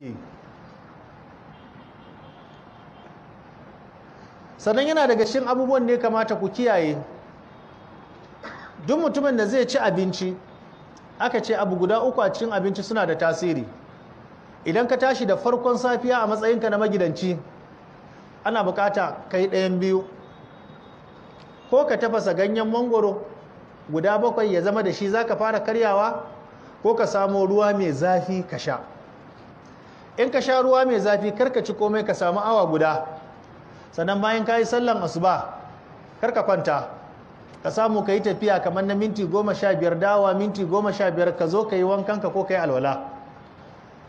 Eh. sannan yana daga cikin abubuwan ne kamata ku kiyaye duk mutumin da zai ci abinci aka ce abu guda uku a cikin abinci suna da tasiri idan ka tashi da farkon safiya a matsayinka na magidanci ana bukata yi ɗayan biyu ko ka tafasa ganyen mangoro guda bakwai ya zama da shi za ka fara karyawa ko ka samo ruwa mai zafi ka sha in ka sha ruwa mai zafi karka ci komai ka samu awa guda sannan bayan ka yi sallan asuba karka kwanta ka samu ka yi tafiya kamar na minti goma sha biyar dawa minti goma sha biyar ka zo ka yi wankan ka ko ka yi alwala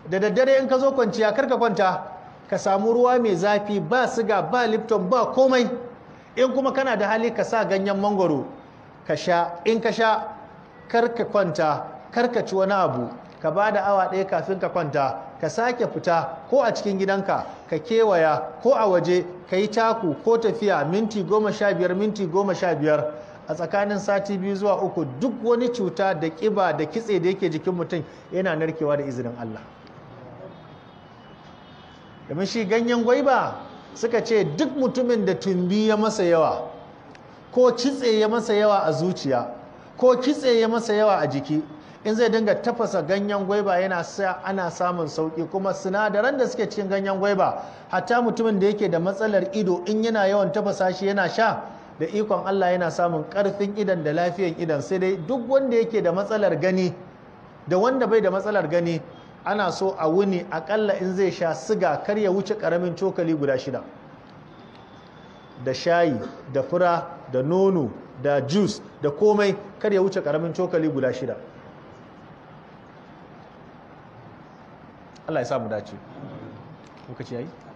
da daddare in ka zo kwanciya karka kwanta ka samu ruwa mai zafi ba siga ba lipton ba komai in kuma kana da hali ka sa ganyen mangoro ka sha in ka sha karka kwanta karka ci wani abu ka ba da awa ɗaya kafin ka kwanta ka sake fita ko a cikin gidanka ka kewaya ko a waje ka yi taku ko tafiya minti goma sha biyar minti goma sha biyar a tsakanin sati biyu zuwa uku duk wani cuta da ƙiba da kitse da yake jikin mutum yana narkewa da izinin Allah domin shi ganyen gwaiba suka ce duk mutumin da tumbi ya masa yawa ko kitse ya masa yawa a zuciya ko kitse ya masa yawa a jiki in zai dinga tafasa ganyen gwaiba yana sa ana samun sauki kuma sinadaran da suke cikin ganyen gwaiba hatta mutumin da yake da matsalar ido in yana yawan tafasa shi yana sha da ikon Allah yana samun karfin idan da lafiyan idan sai dai duk wanda yake da matsalar gani da wanda bai da matsalar gani ana so a wuni akalla in zai sha siga kar ya wuce karamin cokali guda shida da shayi da fura da nono da juice da komai kar ya wuce karamin cokali guda shida Allah ya sa mu dace lokaci yayi